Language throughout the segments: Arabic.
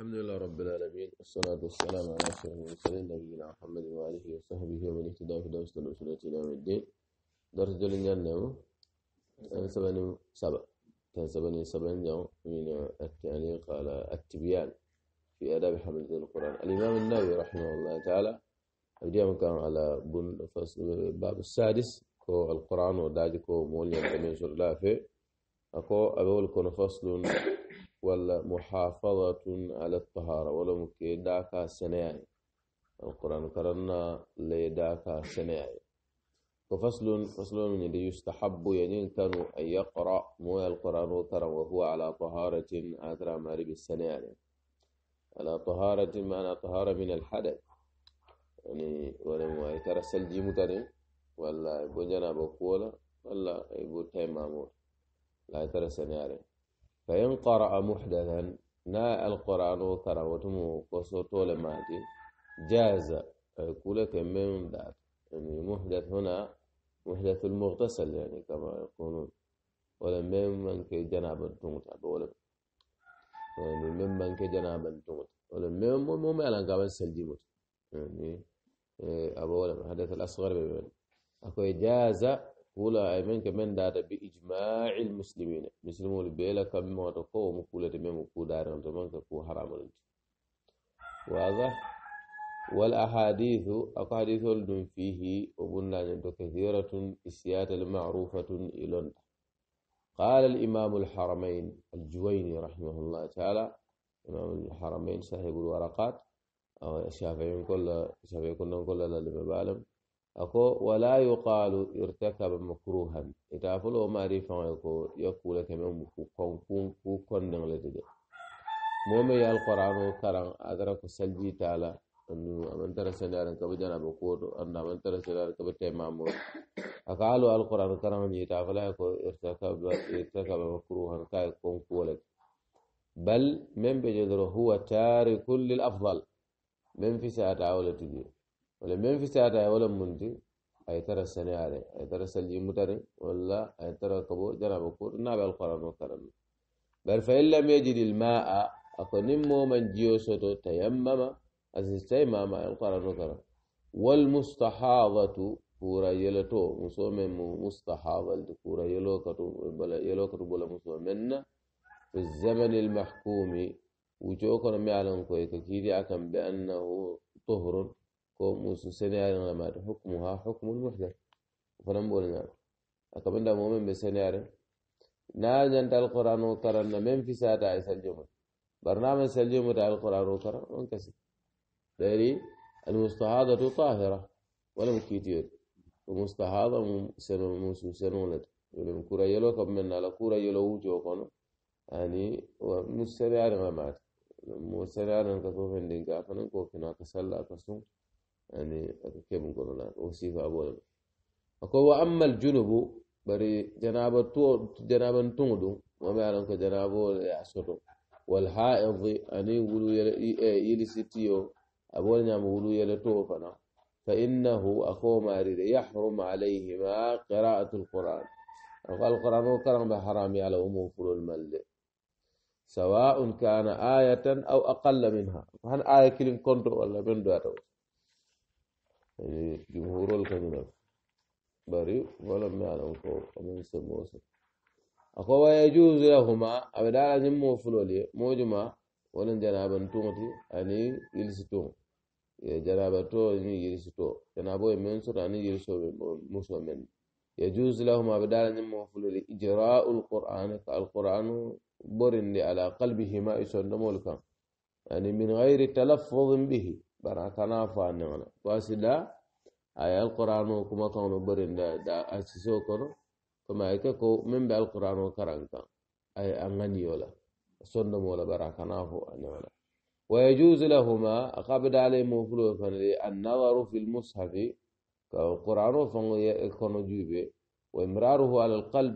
الحمد لله رب العالمين والصلاة والسلام على أشرف المرسلين نبينا محمد وآله وصحبه ومن اهتدى في درس الوصول إلى يوم الدين درس دولين جانبو سبعين سبع سبعين سبعين جانبو من التعليق على التبيان في آداب حملة القرآن الإمام النووي رحمه الله تعالى اليوم كان على بن فصل باب السادس كو القرآن وداجكو مولي من سورة أقول أبول كون فصل والمحافظة على الطهارة ولا مكي داكا سنعي القرآن كرنا لي داكا سنعي ففصل فصل من يستحب ينين كانوا أن يقرأ مو القرآن وكرا وهو على طهارة أترى مارب السنعي على طهارة معنى طهارة من الحدث يعني ولم يترى سلجي مترين ولا يبو جنابه ولا يبو تيمامور لا يترى سنعي فإن قرأ محدثا نا القرآن كروتم قصوتو لماتي جاز كل كمم ذات يعني محدث هنا محدث المغتسل يعني كما يقولون ولا من كي جناب تموت ولم يعني من كي جناب تموت يعني ولا من مم على كمان سلجيموت يعني أبو ولم محدث الأصغر بمن أكو جاز ولا أيمن كمن دار بإجماع المسلمين مسلمون بيلا كم ما تكو مقولة ما مقول دار الزمان كو حرام أنت واضح والأحاديث أحاديث الدم فيه وبنا أنت كثيرة إسيات المعروفة إلون قال الإمام الحرمين الجويني رحمه الله تعالى إمام الحرمين صاحب الورقات أو الشافعي كل الشافعي كنا كل لا لم ako wala yuqalu irtakaba makruhan ita folo mari faŋo ko yakkula keme ku konneŋ le dede moo me ye alqur'ano karaŋ atara ko saljita la andu aman tara sendaran kaba janaba kuwoto andu aman tara sendaran kaba temamo aka alu alqur'ano karaŋ ñi ita fola ko irtakaba makruhan kaye konkuwo le bal meŋ be je doro huwa tarikun lil afdal meŋ fi saata wo le tujee ولا من في ساعات ولا مندي أي ترى السنة على أي ترى سلجي متر ولا أي ترى كبو جرى بكور نابع القرآن والكرم بل فإن لم يجد الماء أقنمو من جيو سوتو تيمم أزيستي ما ماء القرآن والكرم والمستحاضة كورا يلتو مصوم مستحاضة كورا يلو كتو بلا يلو كتو بلا مصومن في الزمن المحكوم وجوكنا معلم كويك كيدي أكم بأنه طهر موسى سنه على ما حكمها حكم المحدث فلم بولنا اكمن ده مؤمن بسنه نا جنت القران وكرن من في ساعه عيسى آية الجمع برنامج سلجوم تاع القران وكرن انكسي بري المستهادة طاهرة ولم كتير المستهادة سنة موسى سنة ولد ولم كورا يلو كمنا لا كورا يلو وجو كونو يعني ومسرع ما مات مسرع انت كوفن دينكا فنن كوفن اكسل اكسل يعني كيف نقول الآن وصيف أبوه أقول وأما الجنوب بري جنابة تو جنابة تونغدو وما يعلمك جنابة يعصره والحائض أني يعني يقولوا إيه، يلي ستيو أبوه نعم يقولوا يلي توفنا فإنه أخو مارد يحرم عليهما قراءة القرآن وقال القرآن وكرم بحرامي على أمه فلو الملئ سواء كان آية أو أقل منها هن آية كلمة كنت ولا من دواتوس يعني جمهور الكلمة بريء ولم يعلم ومن سموسه أخوة يجوز لهما أبدا لازم موفلو لي موجما ولن جنابا تومتي أني يلسطون جنابا تو أني يلسطو جنابو يمنصر أني يلسو موسو يجوز لهما أبدا لازم موفلو لي إجراء القرآن القرآن برن على قلبهما يسون مولكم يعني من غير تلفظ به barakana kana fanne wala wasila aya alquran kuma tono barin da da asiso kono kuma ayke ko min be alquran karanka ay angani yola sonno mola bara kana fo anne wala ويجوز لهما أقابل عليه مفلو النظر في المصحف كالقرآن فنكون جيبه وإمراره على القلب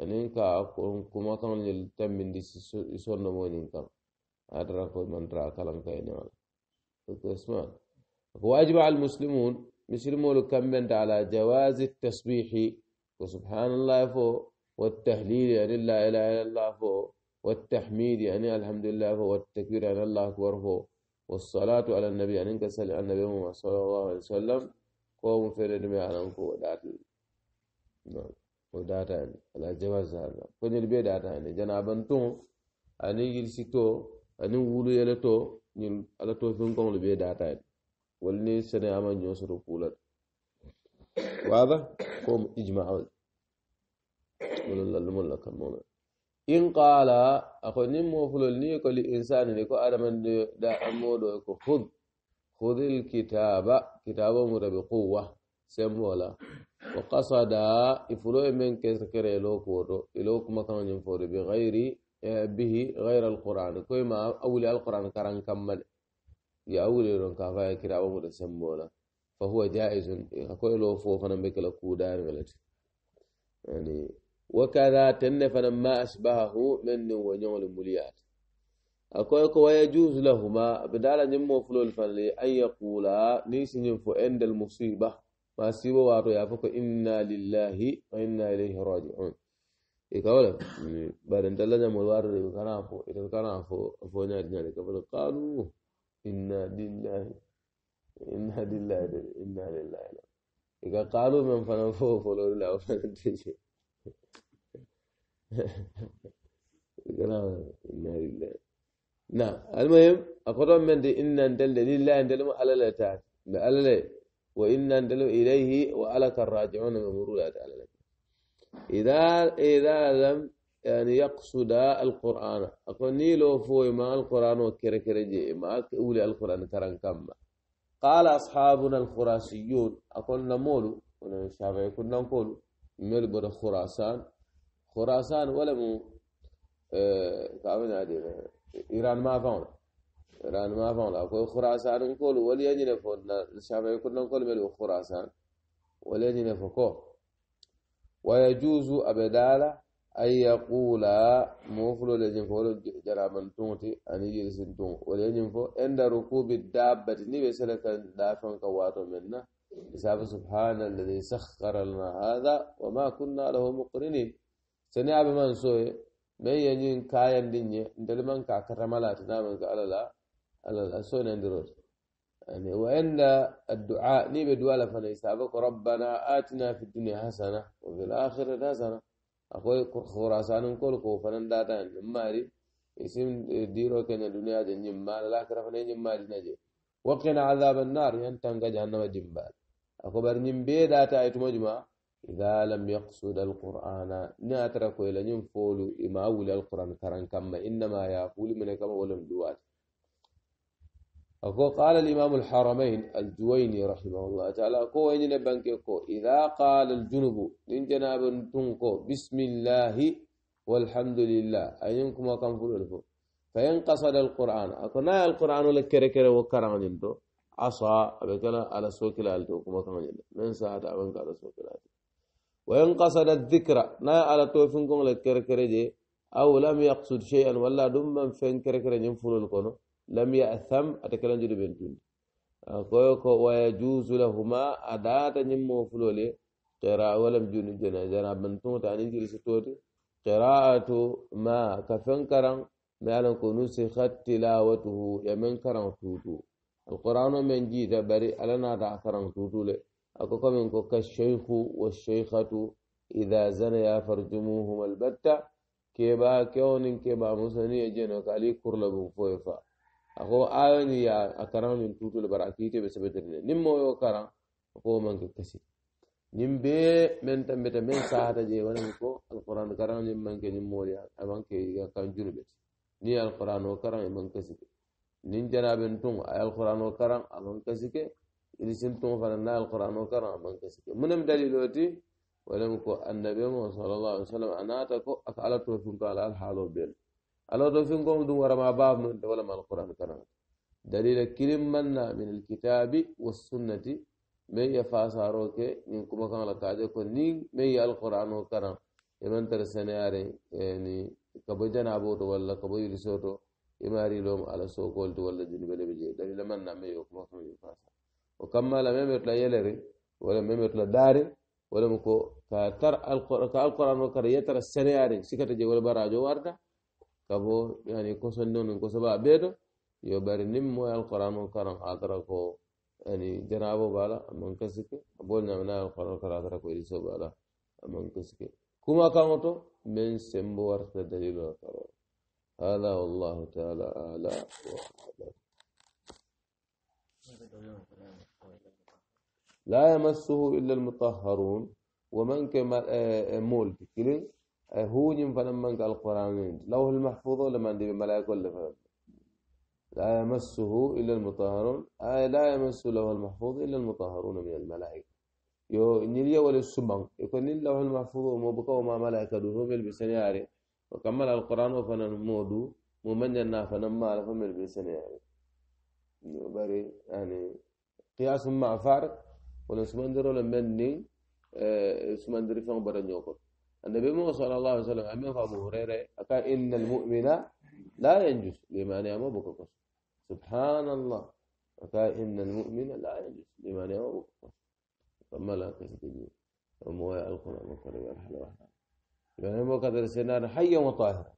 أنين كما كان يلتم من دي سنة مونين كان أدرك من ترى كلام كاين ولا اسمعنا وأجمع المسلمون مسلمون كمنت على جواز التسبيح وسبحان الله فو والتهليل يعني لا إله إلا الله فو والتحميد يعني الحمد لله فو والتكبير يعني الله أكبر فو والصلاة على النبي يعني إنك سأل النبي صلى الله عليه وسلم قوم في الدنيا على أنكو ودات نعم ودات يعني على جواز هذا كن البيت دات يعني جنابن أني يلسي تو أني ولو يلتو ñin ala to fen koŋolu bee daataye walla ni seneyaama ñoo soto kuula waada kom ijmaol wala lallumol la kan moome in qaala ako nin moofulol ni ko li insani ni ko adamande da amoɗo ko hud hudil kitaba kitaba muta bi quwa sembola wa kasada ifulo e men kesekerelo kuwoto ilo kuma kaŋo ñin foto bi gayri به غير القرآن كما أولي القرآن كران كمل يا أولي رون كافا كرا ومر فهو جائز كوي لو فو فنم بك لكودان غلط يعني وكذا تن فنم ما أشبهه من ونيول مليات أكوي كو يجوز لهما بدالا نمو فلول فنلي أن يقولا نيس نمفو عند المصيبة ما سيبوا واتو يافكو إنا لله وإنا إليه راجعون يقول بعد أن تلنا موارد الكرافو الكرافو فونا ذلك قالوا إنا لله إنا لله إنا لله إذا قالوا من فنفو فلو لا فنتجي إنا لله نعم المهم أقرب من دي إن أنتل لله أنتل على لا تعالى على لا وإن أنتل إليه وعلى الراجعون من مرولات على لا إذا إذا لم يعني يقصد القرآن أقول نيلو فوي ما القرآن وكره كره جي ما أولي القرآن كران كم قال أصحابنا الخراسيون أقول نمولو ولا شافعي كنا نقول مل بر خراسان خراسان ولا مو أه كامن عادي إيران ما فاون إيران ما فاون أقول خراسان نقول ولا يجي نفون شافعي كنا نقول مل خراسان ولا يجي نفكو ويجوز أبدالا أن يقول مفلو لجن فولو جرابا تونتي أن يجلس تون ولجن فو عند ركوب الدابة نبي سلك دافن كواتو منا إساب سبحان الذي سخر لنا هذا وما كنا له مقرنين سنعب من سوي من ينين كاين دنيا انت لمن كاكرمالات نامن كالالا ألالا سوي نندروس يعني وإن الدعاء نيب لفنا يسابق ربنا آتنا في الدنيا حسنة وفي الآخرة حسنة اقول خراسان كل كو فننداتا نماري اسم ديرو كان الدنيا جنجم ما الآخرة فنين جماري نجي وقنا عذاب النار ينتن يعني جهنم جنبال أخو برنم بيداتا يتمجمع إذا لم يقصد القرآن ناترك إلى ينفول إما أولي القرآن كرن كما إنما يقول من كما ولم دوات أقول قال الإمام الحرمين الجويني رحمه الله تعالى أكو وين بنكيكو إذا قال الجنوب إن جناب تنكو بسم الله والحمد لله أينكم وكم فلو فإن قصد القرآن أقول نايا القرآن لكره كره وكران يندو عصا أبكنا على سوكل ألتو كم كم يندو من ساعة أبنك على سوكل ألتو وإن قصد الذكر نايا على توفنكم لكره كره جي أو لم يقصد شيئا ولا دم من فين كره كره ينفلو لم يأثم أتكلم جل بالجند أقولك آه، ويجوز لهما أداة نمو فلولي قراءة ولم جن جنا جنا بنتم تاني جل ستوري قراءة ما كفن كرم ما لن نسخت تلاوته يمن كرم توتو القرآن من جيت بري ألنا تأخرن توتو لي أكوكا من كوكا الشيخ والشيخة إذا زنيا فرجموهما البتة كيبا كون كيبا مسني جنو كالي كرلبو فويفا ako ayoni ya a karan min tutule bara akite ɓe seɓetirde nin mo yo karan ko manke kasi nin be men tambeta men sahata je wanani ko alquran karan nin manke nin moori a manke ga kan junuɓe ni alquran o karan e man kasike nin janaɓen tun a alquran o karan a man kasike ilisin tun fana na alquran o karan a man kasike munem dalil oti walam ko annabi mo sallallahu alaihi wasallam anata ko aka ala to tun ko ala alhaalo bel الله على قوم دون ورما باب من دولة ما القرآن كنا دليل كريم منا من الكتاب والسنة من يفاساروك من كما كان لكاجك نين من القرآن وكنا يمن ياري يعني كبجن أبوت ولا كبوي رسوتو إماري لهم على سوكولت ولا جنب لبجي دليل منا من يكما كان يفاس وكما لم يمت لا يلري ولا يمت لا داري ولا مكو كتر القرآن وكرا يتر ياري سكتجي ولا براجو وارده kabo yani kosondon ko saba beto yo bari nim mo alquran karam atara ko yani janabo bala amon kasike bol na na alquran karam atara ko iso bala amon kasike kuma kan to men sembo warta dalilo karo هذا والله تعالى أعلى وأعلم لا يمسه إلا المطهرون ومن كما مول كلين هونيم فلمن قال القرآن لوه المحفوظ لما ندي الملائكة ولا فهم لا يمسه إلا المطهرون آه لا يمسه لوه المحفوظ إلا المطهرون من الملائكة يو نيليا ولا السمن يكون نيل لوه المحفوظ وما بقى وما ملائكة دوهم البسنياري وكمل القرآن وفنا مودو ممن جنا نافنا ما عرفهم البسنياري بري يعني قياس مع فارق ولا سمندر ولا مني آه، سمندر فهم برا نيوكو النبي مو صلى الله عليه وسلم أمين فأبو هريرة أكا إن المؤمن لا ينجس لمن يأمر بكفر سبحان الله أكا إن المؤمن لا ينجس لمن يأمر بكفر ثم لا ثم كسبني ومواء القرآن الكريم الحلوة يعني ما قدر سنان حيا وطاهرا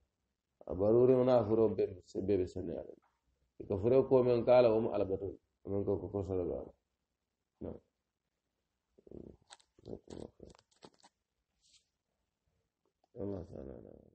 أبروري منافر ربي سبب سنان يكفروا من قال وهم على بطل من كوكو صلى الله عليه وسلم نعم والله تعالى أعلم